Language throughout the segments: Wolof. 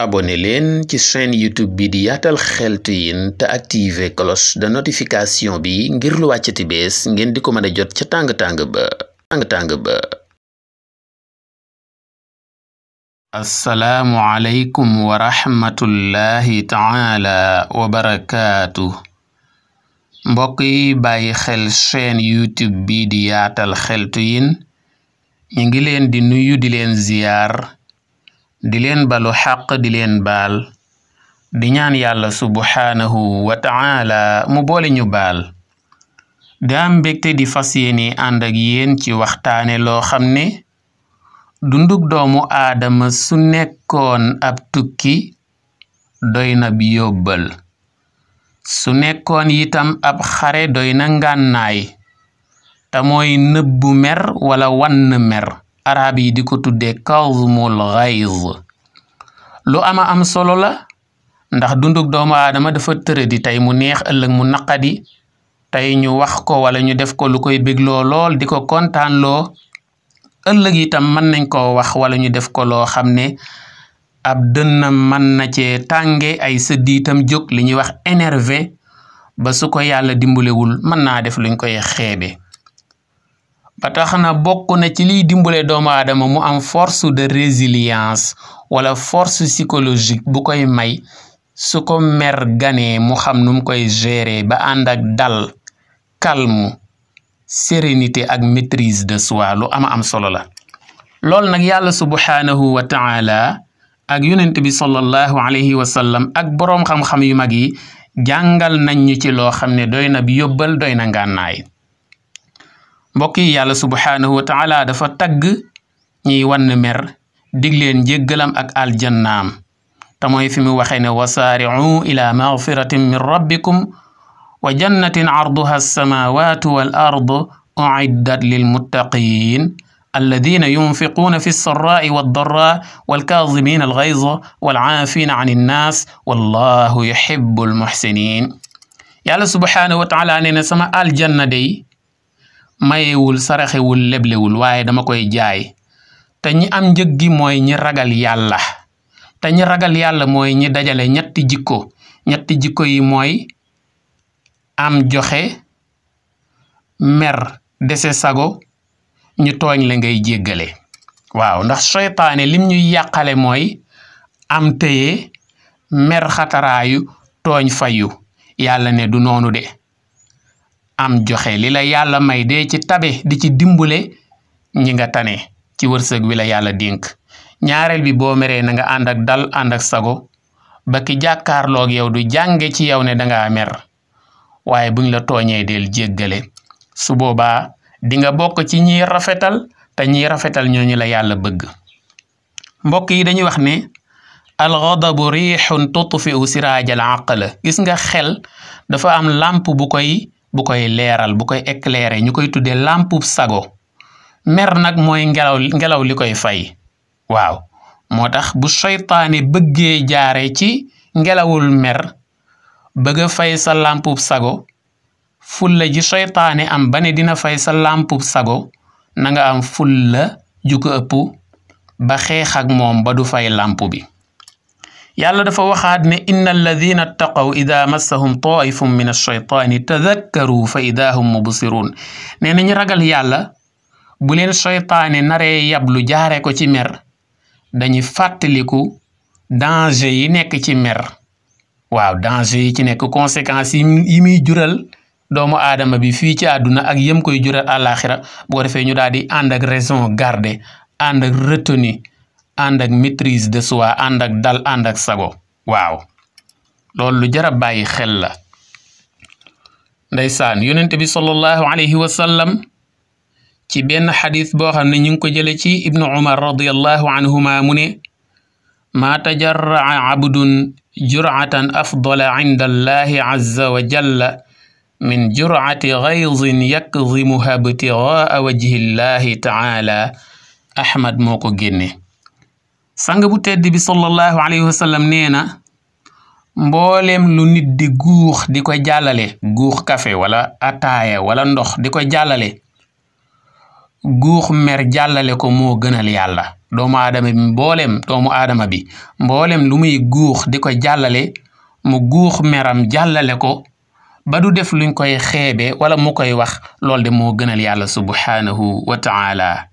abonné leen ci chaîne youtube bii di yaatal xeltu yin te activer cloche de notification bi ngir lu wàccati bees ngeen di ko mën a jot ca tàng-tàng ba tàng-tàng ba assalaamu aleykum wa rahmatullahi taala wa barakaatu mbokk yi bàyyi xel chaîne youtube bi di yaatal xeltu yin ñu ngi leen di nuyu di leen ziyaar di balo balu xaq di leen baal di ñaan yàlla subhaanahu wa mu boole ñu bal daa mbégte di fas yéene ànd ak yéen ci waxtaane loo xam ne dundug doomu aadama su nekkoon ab tukki doy na bi yóbbal su nekkoon itam ab xare doy na ngànnaay te mooy nëbbu mer wala wann mer arab yi di ko tuddee kazmul ghayz lu ama am solo la ndax dunduk doomu aadama dafa tërë di tey mu neex ëllëg mu naqadi tey ñu wax ko wala ñu def ko lu koy bégloo lool di ko kontaanloo ëllëg itam mën nañ koo wax wala ñu def ko loo xam ne ab dënnam mën na cee tànge ay sëdditam itam jóg li ñuy wax énervé ba su ko yàlla dimbulewul mën naa def luñ koy xeebe ba tax na bokk na ci liy dimbale doomu aadama mu am force de résilience wala force psychologique bu koy may su ko mer ganee mu xam nu mu koy gérer ba ànd ak dal calme sérénité ak maîtrise de soi lu ama am solo la loolu nag yàlla subhaanahu wa taala ak yonent bi sallallahu alayhi wa ak borom xam-xam yu mag yi jàngal nañ ci loo xam ne doy na bi yóbbal doy na ngànnaay mbokk yi yàlla subhaanahu wa taala dafa tagg ñiy wann mer digleen njéggalam ak aljannaam te mooy fi mu waxee ne wasaari'u ila magfiratin min rabbikum wa jannatin arduha alsamawatu wal ardu uiddat lilmuttaqin alladina yunfiquuna fi lsarraai waldarra walkaazimina algayza walcaafina an innaas wallahu yuhibu almuxsinin yàlla subhaanahu wa taala nee na sama aljanna day mayewul saraxewul leblewul waaye dama koy jaay te ñi am njëg gi mooy ñi ragal yàlla te ñi ragal yàlla mooy ñi dajale ñetti jikko ñetti jikko yi mooy am joxe mer dese sago ñu tooñ la ngay jéggale waaw ndax seytaane lim ñuy yàqale mooy am téye mer xataraayu tooñ fayu yàlla ne du noonu de am joxe li la yàlla may dee ci tabe di ci dimbule ñi ci wërsëg wi yàlla dénk ñaareel bi boo meree na nga ànd ak dal ànd ak sago ba ki jàkkaarloog yow du jànge ci yow ne danga mer waaye buñ la tooñee del jéggale su boobaa di nga bokk ci ñiy rafetal te ñiy rafetal ñooñu la yàlla bëgg mbokk yi dañuy wax ne alxadabu riixun tutfiu siraajal aqla gis nga xel dafa am làmp bu koy bu koy leeral bu koy éclairer ñu koy tuddee làmpub sago mer nag mooy ngelaw ngelaw li koy fay waaw moo tax bu soytaane bëggee jaaree ci ngelawul mer bëgg a fay sa làmpub sago fulla ji soytaane am ba ne dina fay sa làmpub sago nanga am fulla ju ko ëpp ba xeex ak moom ba du fay làmp bi yàlla dafa waxaat ne inna alladina taqaw ida massahum taifum min alcheytaani tadakkaru fa ida hum mubsiruun nee nañu ragal yàlla bu leen cheytaane naree yablu jaare ko ci mer dañuy fàttaliku danger yi nekk ci mer waaw danger yi ci nekk conséquences yi muy jural doomu adama bi fii ci àdduna ak yëm koy jural àllaaxira boo defee ñu daal di ànd ak raison ànd ak maîtrise de soi ànd ak dal ànd sago waaw loolu lu jara bàyyi xel la ndeysaan sallallahu alayhi wa ci benn xadis boo xam ne ñu ngi ko jële ci ibnu umar radiyallahu anhuma mu maa tajarraa abdun juratan afdala inda allahi azza wa jalla min jurati gayzin yakzimuha btigaa wajhi llahi taala ahmad moo ko génne sang bu tedd bi sallallahu alayhi wa sallam nee na mbooleem lu nit di guux di ko jàllale guux kafe wala ataaya wala ndox di ko jàllale guux mer jàllale ko moo gënal yàlla doomu aadama bi mbooleem doomu aadama bi mbooleem lu muy guux di ko jàllale mu guux meram jàllale ko ba du def luñ koy xeebe wala mu koy wax lool de moo gënal yàlla subhaanahu wa taala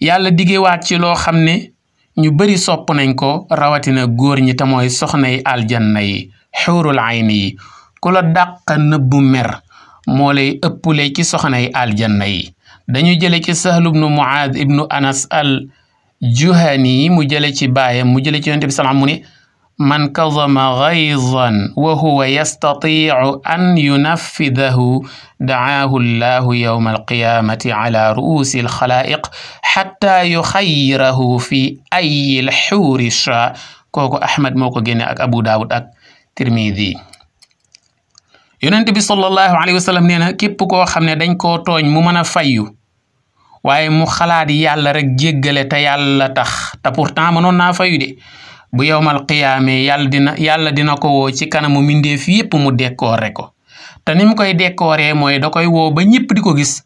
yàlla digewaat ci loo xam ne ñu bari sopp nañ ko rawatina góor ñi te mooy soxna yi aljanna yi xuurul ayni yi ku la dàq nëbbu mer moo lay ëppule ci soxna yi aljanna yi dañu jële ci sahlu ibnu muaad ibnu anas al juhani mu jële ci baayam mu jële ci yonent bi salaam mu ne man kazama ghayzan wa huwa yastatiicu an yunaffidahu dacaahu allahu yowma alqiyaamati cala ru'uusi alxalaa'iq xatta yuxayyirahu fi ayi lxuuri shaa kooku Ahmad moo ko génne ak Abu Daawud ak Tirmidi yonent bi sallallahu alayhi wa sallam nee na képp koo xam ne dañ koo tooñ mu mën a fayyu waaye mu xalaat yàlla rek jéggale te yàlla tax te pourtant mënoon naa fayyu de bu yowmal qiyaamee yàlla dina yàlla dina ko woo ci kanamu mbindeef yépp mu décorer ko te ni mu koy décorer mooy da koy woo ba ñépp di ko gis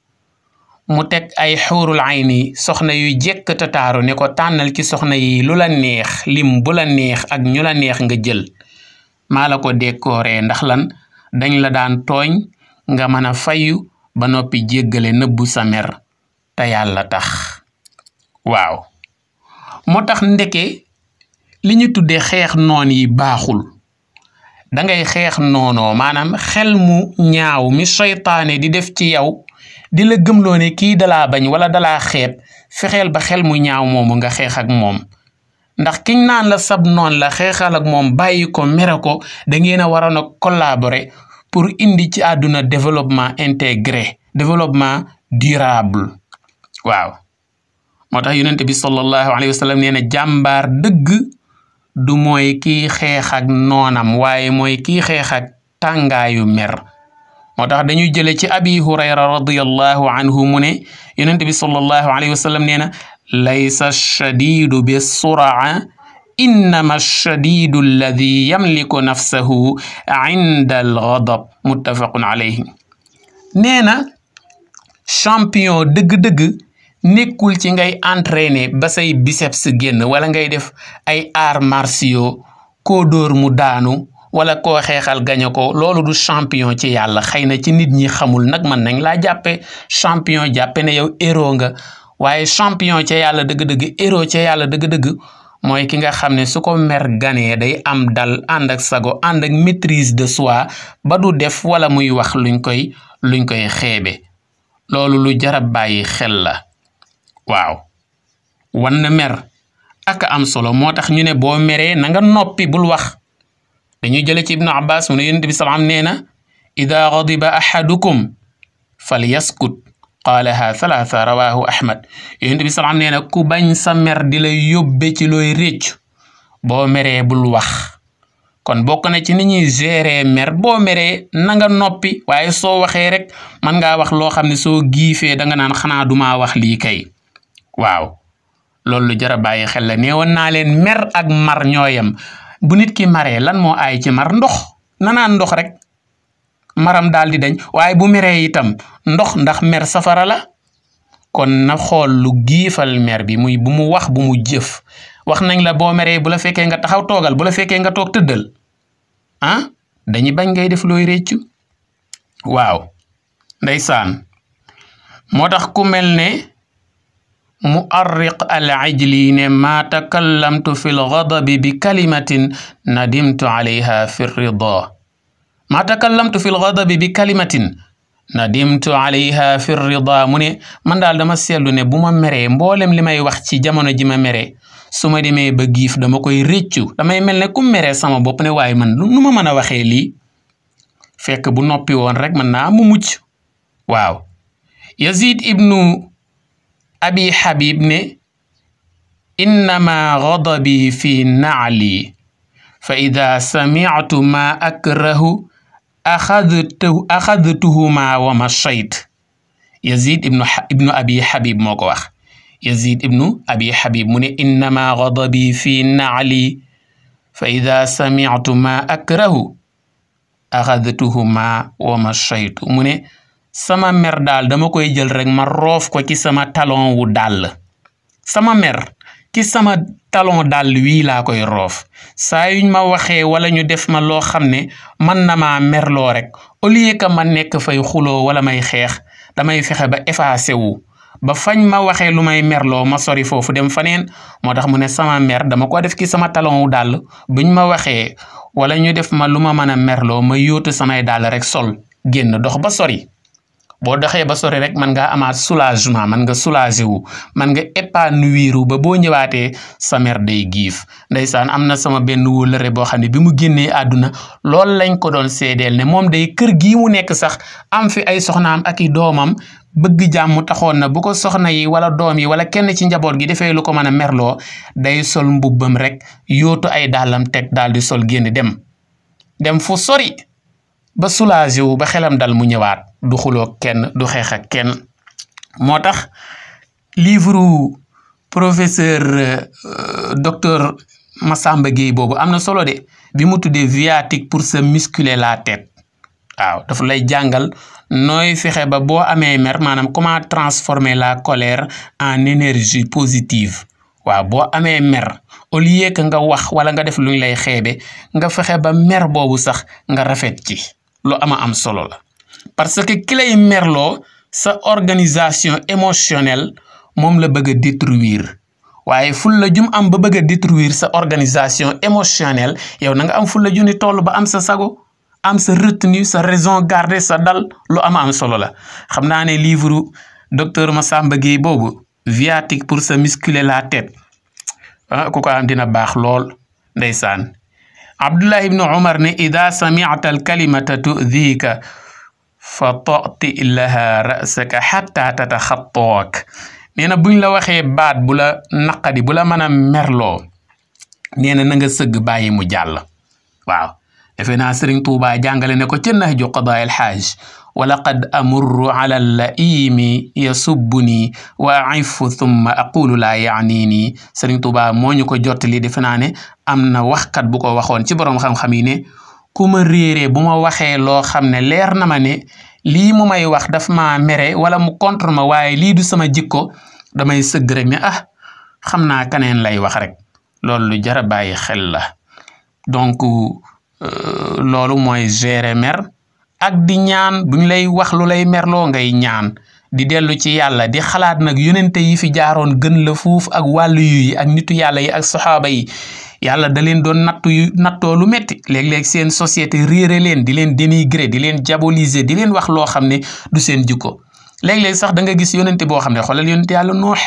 mu teg ay xuurul ayni soxna yu jekk te taaru ne ko tànnal ci soxna yi lu la neex lim bu la neex ak ñu la neex nga jël maa la ko décorer ndax lan dañ la daan tooñ nga mën a fayu ba noppi jéggale nëbbu sa mer te yàlla tax waaw moo tax ndeke li ñu tuddee xeex noon yi baaxul dangay xeex noonoo maanaam xel mu ñaaw mi soytaane di def ci yow di la gëmloo ne kii dalaa bañ wala dalaa xeeb fexeel ba xel mu ñaaw moomu nga xeex ak moom ndax kiñ naan la sab noon la xeexal ak moom bàyyi ko mere ko da ngeen a waroon a pour indi ci àdduna développement intégré développement durable waaw moo tax yonent bi sallallahu alayhi wa sallam nee dëgg du mooy kii xeex ak noonam waaye mooy kii xeex ak tàngaayu mer moo tax dañuy jële ci abi hurayra radiyallahu anhu mu ne yonente bi sallallahu alayhi laysa shadidu bi suraa innama shadidu alladi yamliku nafsahu inda al ghadab muttafaqun alayhi nee champion dëgg-dëgg nekkul ci ngay entraîner ba say biceps génn wala ngay def ay arts martiaux ko dóor mu daanu wala koo xeexal gañe ko loolu du champion ci yàlla xëy na ci nit ñi xamul nag mën nañ laa jàppe champion jàppe ne yow héros nga waaye champion ca yàlla dëgg-dëgg héros ca yàlla dëgg-dëgg mooy ki nga xam ne su ko mer day am dal ànd ak sago ànd ak maîtrise de soi ba du def wala muy wax luñ koy luñ koy xeebe loolu lu jarab bàyyi xel la waaw wan na mer ak am solo moo tax ñu ne boo meree nanga nga noppi bul wax dañuy jële ci ibnu abbas mu ne yonent bi salaam nee na ida gadiba ahadukum fal yaskut qaalaha thalatha rawahu ahmad yonent bi salaam nee na ku bañ sa mer di lay yóbbe ci looy réccu boo meree bul wax kon bokk na ci ni ñuy gérer mer boo meree nanga noppi waaye soo waxee rek mën ngaa wax loo xam ne soo giifee danga naan xanaa dumaa wax lii kay waaw loolu lu jar a bàyyi xel la neewoon naa leen mer ak mar ñooyam bu nit ki maree lan moo aay ci mar ndox nanaan ndox rek maram daal di dañ waaye bu meree itam ndox ndax mer safara la kon na xool lu giifal meer bi muy bu mu wax bu mu jëf wax nañ la boo meree bu la fekkee nga taxaw toogal bu la fekkee nga toog tëddal ah dañuy bañ ngay def looy réccu waaw ndeysaan moo tax ku mel ne muarriq al-ajli ne maa takallamtu fi lgadabi bi kalimatin nadimtu alayha fi rida maa takallamtu fi lgadabi bi kalimatin nadimtu alayha fi rida mu ne man daal dama seetlu ne bu ma meree mboolem li may wax ci jamono ji ma mere su ma demee ba giif dama koy réccu damay mel ne ku meree sama bopp ne waaye man nu ma mën a waxee lii fekk bu noppi woon rek mën naa mu mucc abi xabib ne innama gadabi fi nacli fa ida samictu ma akrahu axadtuhuma wa mashayt yazid ibnu ibnu abi xabib moo ko wax yazid ibnu abi xabib mu ne innama gadabi fi nacli fa ida samictu ma akrahu axadtuhuma wa mashaytu mu ne sama mer daal dama koy jël rek ma roof ko ci sama talon wu dàll sama mer ci sama talon dàll wii laa koy roof saa yuñ ma waxee wala ñu def ma loo xam ne man na ma merloo rek au lieu que ma nekk fay xuloo wala may xeex damay fexe ba effacé wu ba fañ ma waxee lu may merloo ma sori foofu dem faneen moo tax mu ne sama mer dama ko def ci sama talon wu dàll buñ ma waxee wala ñu def ma lu ma mën a merloo ma yóotu samay dàll rek sol génn dox ba sori boo doxee ba sori rek mën ngaa amaat soulagement mën nga soulagé wu mën nga épanouir wu ba boo ñëwaatee sa mer day giif ndeysaan am na sama benn wóolëre boo xam ne bi mu génnee àdduna loolu lañ ko doon seedeel ne moom day kër gii mu nekk sax am fi ay soxnaam ak i doomam bëgg jàmm taxoon na bu ko soxna yi wala doom yi wala kenn ci njaboot gi defee lu ko mën a merloo day sol mbubbam rek yootu ay dàllam teg daal di sol génn dem dem fu sori ba soulagé wu ba xelam dal mu ñëwaat du xuloo kenn du xeex ak kenn moo tax livre professeur euh, docteur Massamba Gueye boobu am na solo de bi mu tuddee viatique pour se muscler la tête waaw dafa lay jàngal nooy fexe ba boo amee mer maanaam comment transformer la colère en énergie positive waaw boo amee mer au lieu que nga wax wala nga def lu lay xeebe nga fexe ba mer boobu sax nga rafet ci lu ama am solo la parce que ki lay merloo sa organisation émotionnelle moom la bëgg a détruire waaye fulla jum am ba bëgg a détruire sa organisation émotionnelle yow na nga am fulla ju ni toll ba am sa sago am sa retenue sa raison garder sa dal lu am am solo la xam naa ne livre docteur Massamba Gueye boobu viatique pour se musculer la tête ah ku am dina baax lool ndeysaan Abdullah ibnu Umar ne ida sami'ta al kalimata tudhika fatati laha rasaka xatta tataxattook nee na buñ la waxee baat bu la naqadi bu la mën a merloo nee na na nga sëgg bàyyi mu jàll waaw defe naa sëriñ tuubaa jàngale ne ko ci nahju qadaa al xaaj wa laqad amurru ala laimi yasubbuni wa aifu thumma aqulu laa yaaniini sëriñ tuubaa moo ñu ko jottali defe naa ne am na waxkat bu ko waxoon ci boroom xam-xam yi ne ku ma réeree bu ma waxee loo xam ne leer na ma ne lii mu may wax daf ma mere wala mu contre ma waaye lii du sama jikko damay sëgg rek ne ah xam naa kaneen lay wax rek loolu lu jara bàyyi xel la donc euh, loolu mooy gérer mer ak di ñaan bu lay wax lu lay merloo ngay ñaan di dellu ci yàlla di xalaat nag yonente yi fi jaaroon gën la fuuf ak wàllu yu yi ak nitu yàlla yi ak soxaaba yi yàlla da leen doon nattu yu nattoo lu métti léeg-léeg seen société réere leen di leen dénigrer di leen jabolisé di leen wax loo xam ne du seen jikko léeg-léeg sax da nga gis yonente boo xam ne xoolal yonente yàlla noox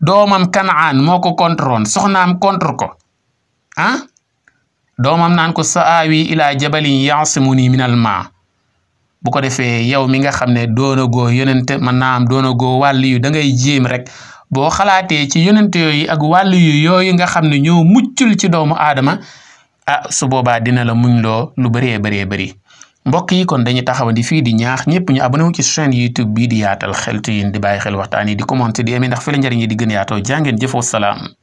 doomam kanaan moo ko contre woon soxnaam contre ko ah doomam naan ko saawi ilaa jabalin yaasimuni minal ma bu ko defee yow mi nga xam ne doonagoo yonente man naa am doonagoo wàll yu da ngay jéem rek boo xalaatee ci yonent yooyu ak wàll yu nga xam ne ñoo muccul ci doomu aadama ah su boobaa dina la muñ loo lu bëree bëree bari mbokk yi kon dañuy taxawandi fii di ñaax ñëpp ñu abonné wu ci chaîne YouTube bii di yaatal xeltu yin di bàyyi xel waxtaan yi di commenté di aimé ndax fi la njëriñ yi di gën yaatoo jàngeen jëfoo salaam